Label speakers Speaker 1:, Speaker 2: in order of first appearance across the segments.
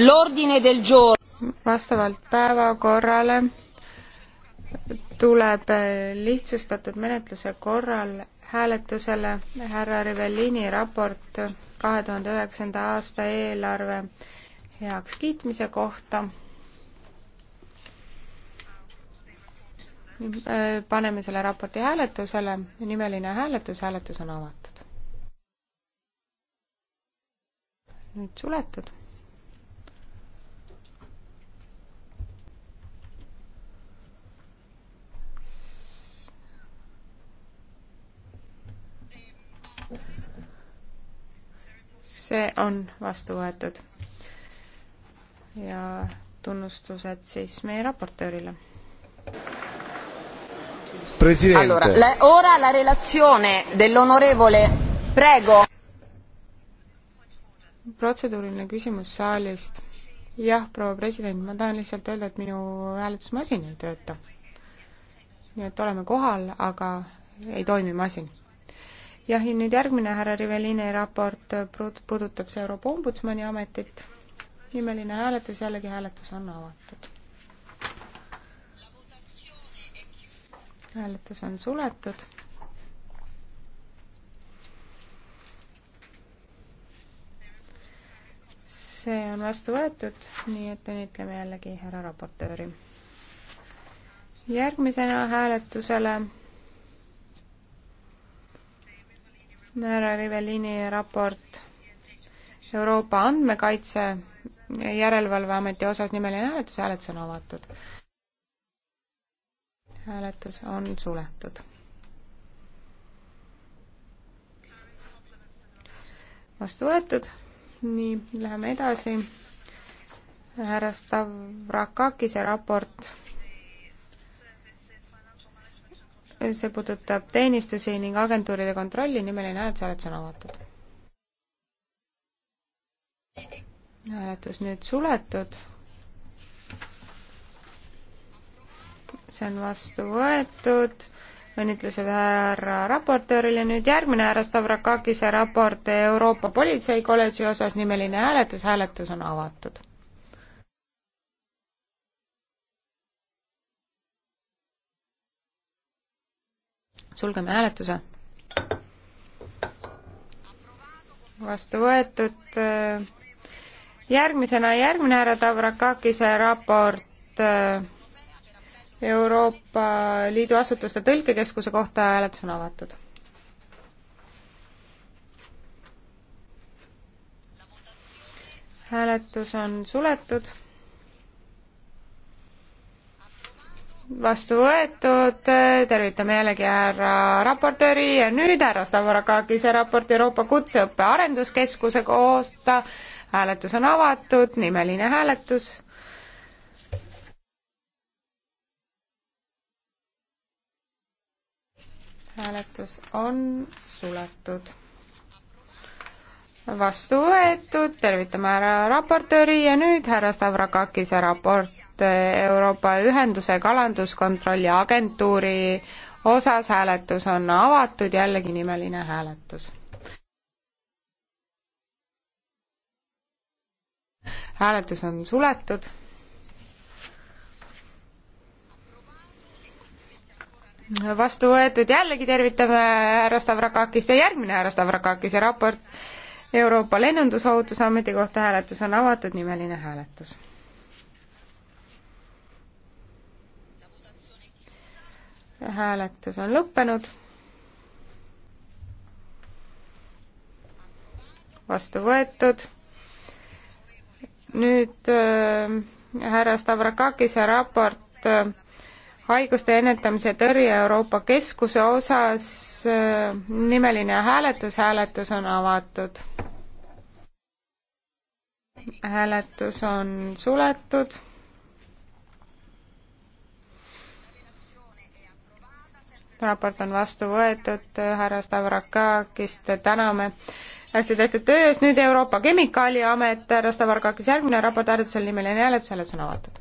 Speaker 1: L'ordine del giorno. vastavalt päevakorrale tuleb lihtsustatud menetluse korral hääletusele härra Rivellini raport kahe tuhande üheksanda aasta eelarve heakskiitmise kohta. paneme selle raporti hääletusele, nimeline hääletus, hääletus on avatud. nüüd suletud see on vastu võetud. ja tunnustused siis meie raportöörile. Allora, la, ora la relazione dell'onorevole Prego. protseduuriline küsimus saalist. jah, proua president, ma tahan lihtsalt öelda, et minu hääletusmasin ei tööta. nii et oleme kohal, aga ei toimi masin jah, ja nüüd järgmine härra Rivelini raport puudutab see Euroopa Ombudsmani ametit. nimeline hääletus, jällegi hääletus on avatud. hääletus on suletud. see on vastu võetud, nii et õnnitleme jällegi härra raportööri. järgmisena hääletusele härra Rivellini raport Euroopa Andmekaitse Järelevalveameti osas nimeline hääletus, hääletus on avatud. hääletus on suletud. vastu võetud, nii, läheme edasi. härra Stavrakakise raport see puudutab teenistusi ning agentuuride kontrolli, nimeline hääletus, hääletus on avatud. hääletus nüüd suletud. see on vastu võetud õnnitlused härra raportöörile, nüüd järgmine härra Stavrakakise raport Euroopa Politseikolledži osas, nimeline hääletus, hääletus on avatud sulgeme hääletuse. vastu võetud. järgmisena järgmine härra Tavrakakise raport äh, Euroopa Liidu asutuste tõlkekeskuse kohta hääletus on avatud. hääletus on suletud vastu võetud, tervitame jällegi härra raportööri ja nüüd härra Stavrakakise raport Euroopa Kutseõppe Arenduskeskuse kohta. hääletus on avatud, nimeline hääletus. hääletus on suletud vastu võetud, tervitame härra raportööri ja nüüd härra Stavrakakise raport raport Euroopa Ühenduse Kalanduskontrolli Agentuuri osas, hääletus on avatud, jällegi nimeline hääletus. hääletus on suletud. vastu võetud, jällegi tervitame härra Stavrakakist ja järgmine härra Stavrakakise raport Euroopa Lennundusohutusameti kohta hääletus on avatud, nimeline hääletus hääletus on lõppenud. vastu võetud. nüüd äh, härra Stavrakakise raport äh, haiguste ennetamise tõrje Euroopa Keskuse osas äh, nimeline hääletus, hääletus on avatud. hääletus on suletud raport on vastu võetud, härra Stavrakakist täname hästi tehtud töö eest, nüüd Euroopa Kemikaaliamet, härra Stavrakakis, järgmine raport hääletusel, nimeline hääletus, hääletus on avatud.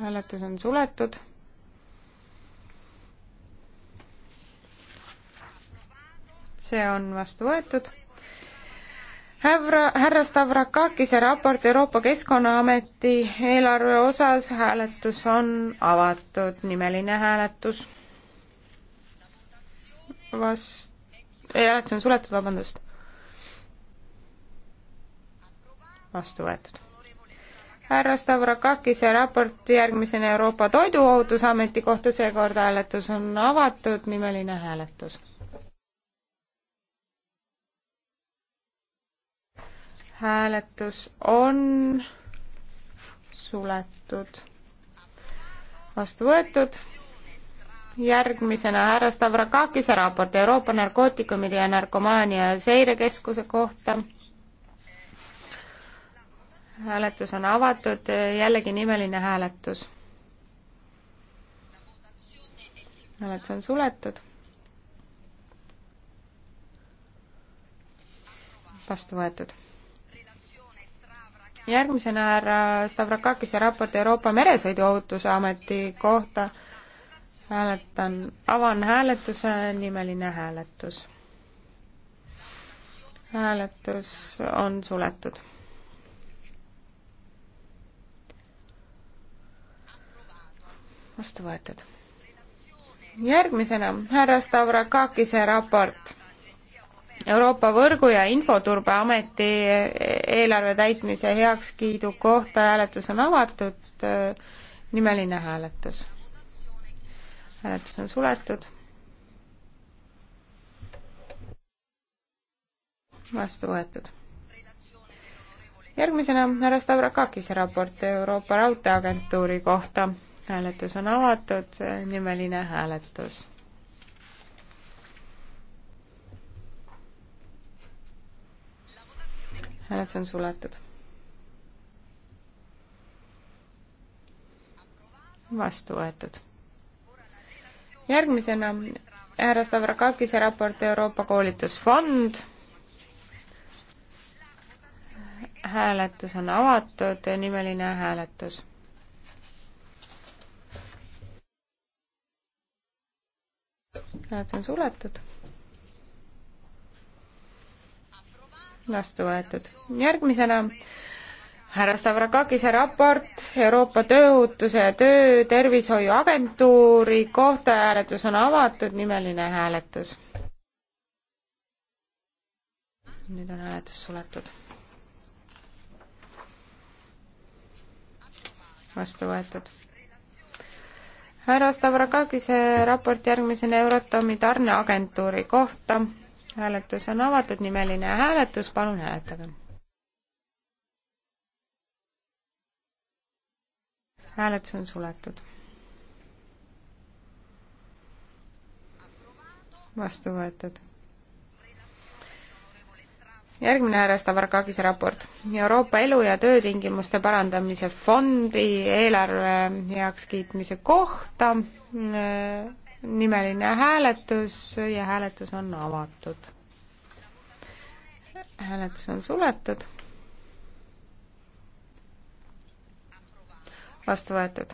Speaker 1: hääletus on suletud. see on vastu võetud härra, härra Stavrakakise raport Euroopa Keskkonnaameti eelarve osas, hääletus on avatud, nimeline hääletus. vast-, hääletus on suletud, vabandust. vastu võetud. härra Stavrakakise raport järgmisena Euroopa Toiduohutusameti kohta, seekord hääletus on avatud, nimeline hääletus hääletus on suletud. vastu võetud. järgmisena härra Stavrakakise raport Euroopa narkootikumide ja narkomaania seirekeskuse kohta. hääletus on avatud, jällegi nimeline hääletus. hääletus on suletud. vastu võetud järgmisena härra Stavrakakise raport Euroopa Meresõiduohutuse Ameti kohta hääletan, avan hääletuse, nimeline hääletus. hääletus on suletud. vastu võetud. järgmisena härra Stavrakakise raport Euroopa Võrgu- ja Infoturbeameti eelarve täitmise heakskiidu kohta hääletus on avatud, nimeline hääletus. hääletus on suletud. vastu võetud. järgmisena härra Stavrakakis raport Euroopa Raudteeagentuuri kohta. hääletus on avatud, nimeline hääletus hääletus on suletud. vastu võetud. järgmisena härra Stavrakakise raport Euroopa koolitusfond. hääletus on avatud, nimeline hääletus. hääletus on suletud vastu võetud. järgmisena härra Stavrakakise raport Euroopa Tööohutuse ja Töötervishoiu Agentuuri kohta hääletus on avatud, nimeline hääletus. nüüd on hääletus suletud. vastu võetud. härra Stavrakakise raport järgmisena Euratomi tarneagentuuri kohta hääletus on avatud, nimeline hääletus, palun hääletage. hääletus on suletud. vastu võetud. järgmine härra Stavarkakis raport. Euroopa elu- ja töötingimuste parandamise fondi eelarve heakskiitmise kohta nimeline hääletus ja hääletus on avatud. hääletus on suletud. vastu võetud.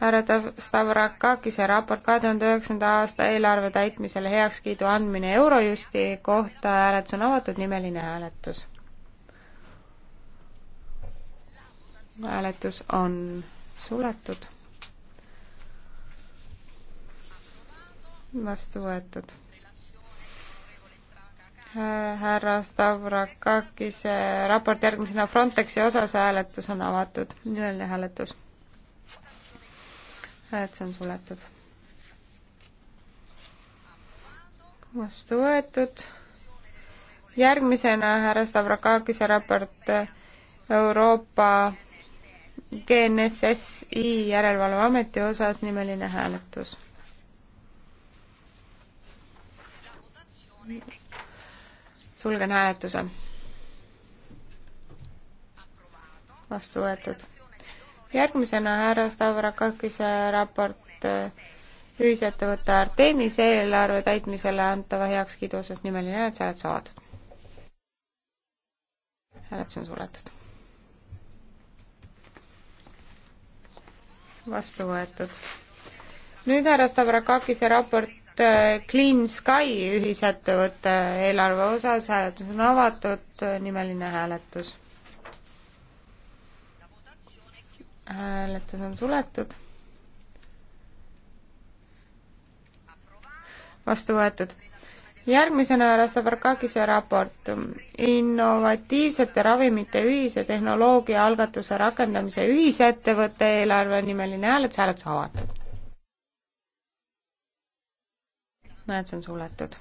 Speaker 1: härra Stavrakakise raport kahe tuhande üheksanda aasta eelarve täitmisele heakskiidu andmine Eurojusti kohta, hääletus on avatud, nimeline hääletus. hääletus on suletud vastu võetud. härra Stavrakakis, raport järgmisena Frontexi osas hääletus on avatud, üleline hääletus. hääletus on suletud. vastu võetud. järgmisena härra Stavrakakise raport Euroopa GNSSi järelevalveameti osas nimeline hääletus sulgen hääletuse. vastu võetud. järgmisena härra Stavrakakise raport eh, ühisettevõtte Artemise eelarve täitmisele antava heakskiidu osas nimeline hääletus, hääletus avatud. hääletus on suletud. vastu võetud. nüüd härra Stavrakakise raport Äh, Clean Sky ühisettevõtte eelarve osas, hääletus on avatud, äh, nimeline hääletus. hääletus on suletud. vastu võetud. järgmisena Rastafarkakise raport innovatiivsete ravimite ühise tehnoloogia algatuse rakendamise ühisettevõtte eelarve nimeline hääletus, hääletus avatud näed, see on suletud.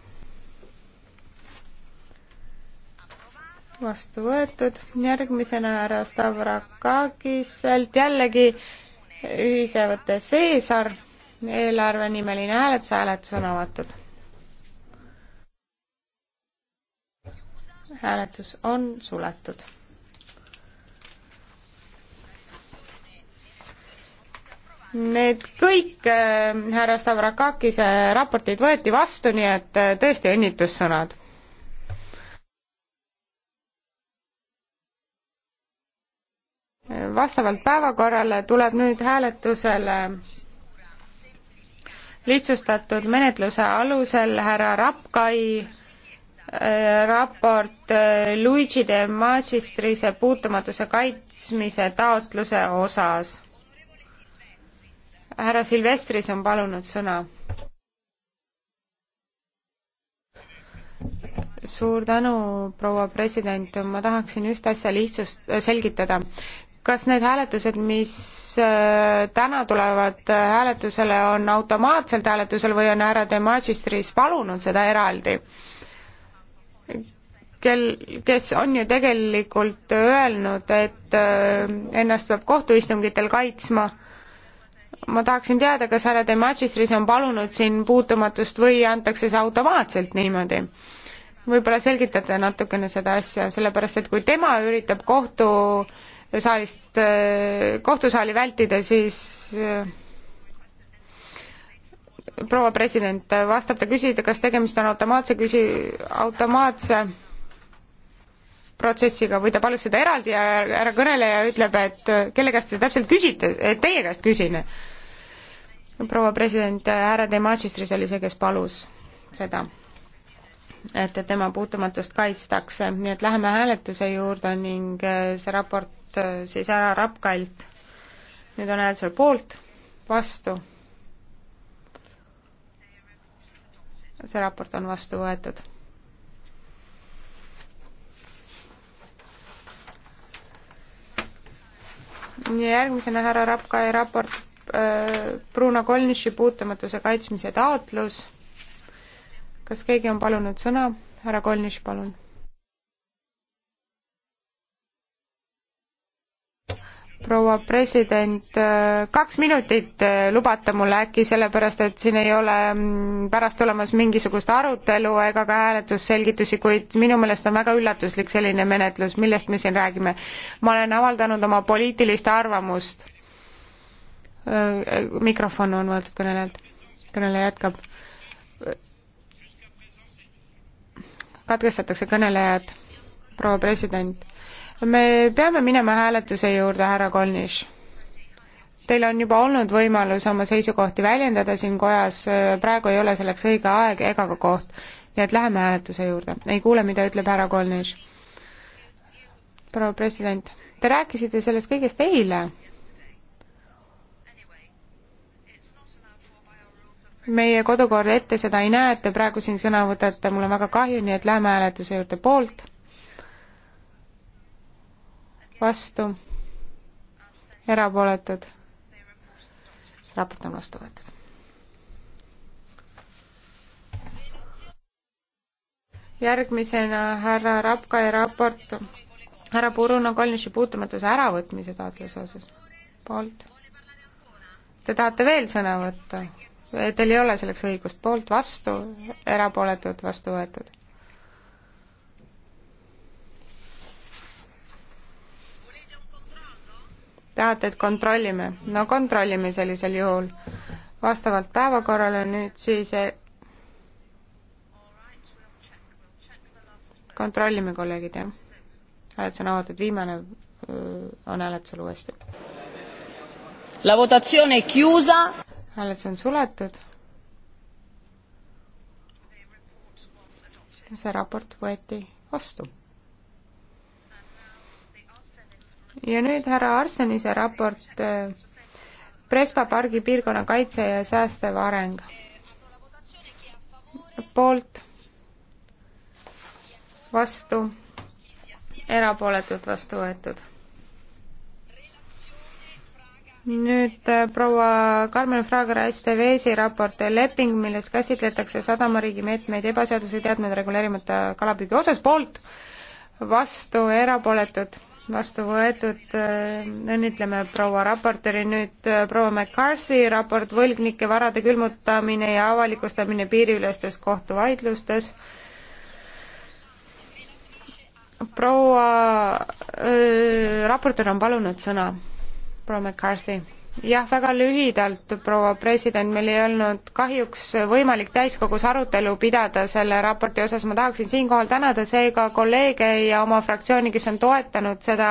Speaker 1: vastu võetud, järgmisena härra Stavrakakiselt jällegi ühisevõte Seesar, eelarvenimeline hääletus, hääletus on avatud. hääletus on suletud Need kõik äh, härra Stavrakakise raportid võeti vastu, nii et äh, tõesti õnnitlussõnad. vastavalt päevakorrale tuleb nüüd hääletusele lihtsustatud menetluse alusel härra Rapkai äh, raport äh, Luigi de Magistrise puutumatuse kaitsmise taotluse osas härra Silvestris on palunud sõna. suur tänu, proua president, ma tahaksin ühte asja lihtsust äh,, selgitada kas need hääletused, mis äh, täna tulevad äh, hääletusele, on automaatselt hääletusel või on härra De Magistris palunud seda eraldi? kel, kes on ju tegelikult öelnud, et äh, ennast peab kohtuistungitel kaitsma ma tahaksin teada, kas härra de Magistris on palunud siin puutumatust või antakse see automaatselt niimoodi? võib-olla selgitate natukene seda asja, sellepärast et kui tema üritab kohtusaalist, kohtusaali vältida, siis proua president, vastab ta küsida, kas tegemist on automaatse küsi-, automaatse protsessiga või te palus seda eraldi ja härra kõneleja ütleb, et kelle käest te täpselt küsite, et eh, teie käest küsin. proua president, eh, härra De Magistris oli see, kes palus seda, et tema puutumatust kaitstakse, nii et läheme hääletuse juurde ning eh, see raport siis härra Rapkalt. nüüd on hääl seal poolt, vastu. see raport on vastu võetud järgmisena härra Rapkai raport äh, Bruno Kolniši puutumatuse kaitsmise taotlus. kas keegi on palunud sõna? härra Kolniš, palun proua president, kaks minutit äh, lubate mulle äkki, sellepärast et siin ei ole mm, pärast olemas mingisugust arutelu ega ka hääletusselgitusi, kuid minu meelest on väga üllatuslik selline menetlus, millest me siin räägime. ma olen avaldanud oma poliitilist arvamust. Äh, mikrofon on võetud kõnelejalt, kõneleja jätkab. katkestatakse kõnelejad, proua president me peame minema hääletuse juurde, härra Kolnis. Teil on juba olnud võimalus oma seisukohti väljendada siin kojas, praegu ei ole selleks õige aeg ega ka koht. nii et läheme hääletuse juurde. ei kuule, mida ütleb härra Kolnis. proua president, te rääkisite sellest kõigest eile meie kodukord ette seda ei näe, et te praegu siin sõna võtate, mul on väga kahju, nii et lähme hääletuse juurde poolt, vastu, erapooletud. see raport on vastu võetud. järgmisena härra Rapka ja raport härra Puruna kolniši puutumatuse äravõtmise taotluse osas. poolt. Te tahate veel sõna võtta? Teil ei ole selleks õigust, poolt vastu, erapooletud vastu võetud tahate, et kontrollime? no kontrollime sellisel juhul. vastavalt päevakorrale nüüd siis eh, kontrollime, kolleegid, jah. hääletus on avatud, viimane on hääletusel uuesti. La votazione chiusa. hääletus on suletud. see raport võeti vastu ja nüüd härra Arsenise raport äh, Prespa pargi piirkonna kaitse ja säästev areng. poolt, vastu, erapooletult vastu võetud. nüüd äh, proua Carmen Fraga STV-si raport äh, leping, milles käsitletakse sadamariigi meetmeid ebaseaduse teadmed reguleerimata kalapüügi osas, poolt, vastu, erapooletud vastu võetud, äh, õnnitleme proua raportööri, nüüd äh, proua McCarthy raport võlgnike varade külmutamine ja avalikustamine piiriülestes kohtuvaidlustes. proua äh, raportöör on palunud sõna, proua McCarthy jah, väga lühidalt, proua president, meil ei olnud kahjuks võimalik täiskogus arutelu pidada selle raporti osas, ma tahaksin siinkohal tänada seega kolleege ja oma fraktsiooni, kes on toetanud seda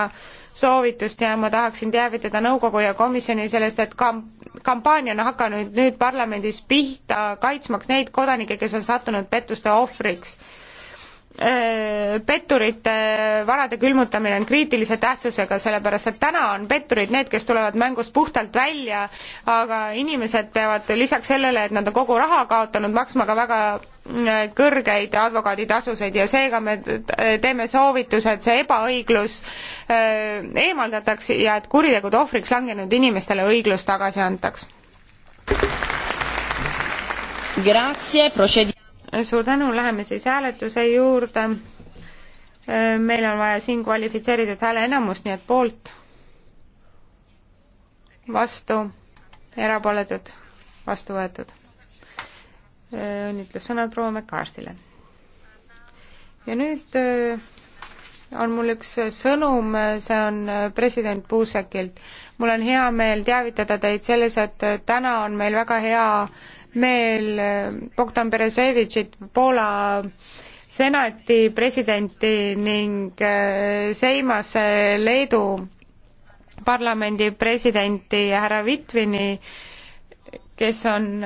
Speaker 1: soovitust ja ma tahaksin teavitada nõukogu ja komisjoni sellest, et kamp-, kampaania on hakanud nüüd parlamendis pihta, kaitsmaks neid kodanikke, kes on sattunud pettuste ohvriks Äh, petturite äh, varade külmutamine on kriitilise tähtsusega, sellepärast et täna on petturid need, kes tulevad mängust puhtalt välja, aga inimesed peavad lisaks sellele, et nad on kogu raha kaotanud, maksma ka väga äh, kõrgeid advokaaditasusid ja seega me teeme soovituse, et see ebaõiglus eemaldataks ja et kuritegude ohvriks langenud inimestele õiglus tagasi antaks. Grazie, procedi- suur tänu, läheme siis hääletuse juurde. Äh, meil on vaja siin kvalifitseeritud hääleenamust, nii et poolt, vastu, erapooletud, vastu võetud. Äh, õnnitlussõnad proua McCarthy'le. ja nüüd äh, on mul üks sõnum, see on president Puusekilt. mul on hea meel teavitada teid selles, et täna on meil väga hea meel äh, Bogdan Berezevitšit, Poola senati presidenti ning äh, Seimas äh, Leedu parlamendi presidenti härra Vitvini, kes on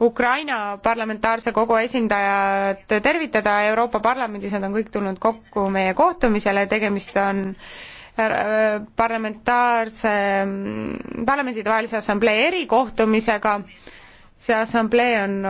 Speaker 1: Ukraina parlamentaarse kogu esindajad tervitada Euroopa Parlamendis, nad on kõik tulnud kokku meie kohtumisele, tegemist on äh, Äh, parlamentaarse, mm, parlamentidevahelise assamblee erikohtumisega. see assamblee on